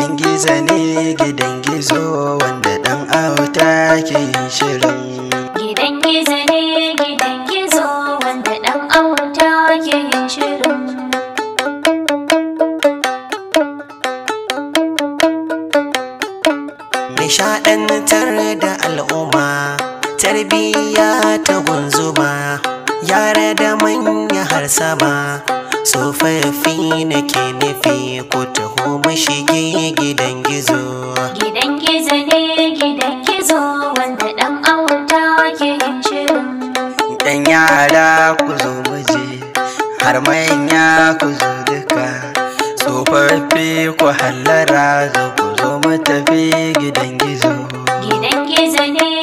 Gidan gizo ne gidan gizo wanda dan auta ke shirin gidan ne gidan gizo wanda ke shirin Nishaɗantar da al'umma tarbiyya ta gunzuma yara da manya har sama so farfi nake nufi ko taho shige gidan gizo gidan gizo ne gidan gizo wanda dan awarta ke yin shirin dan yara ku zo je har manya ku zo duka tsofaffi ku hallara zo ku zo tafi gidan gizo gidan gizo ne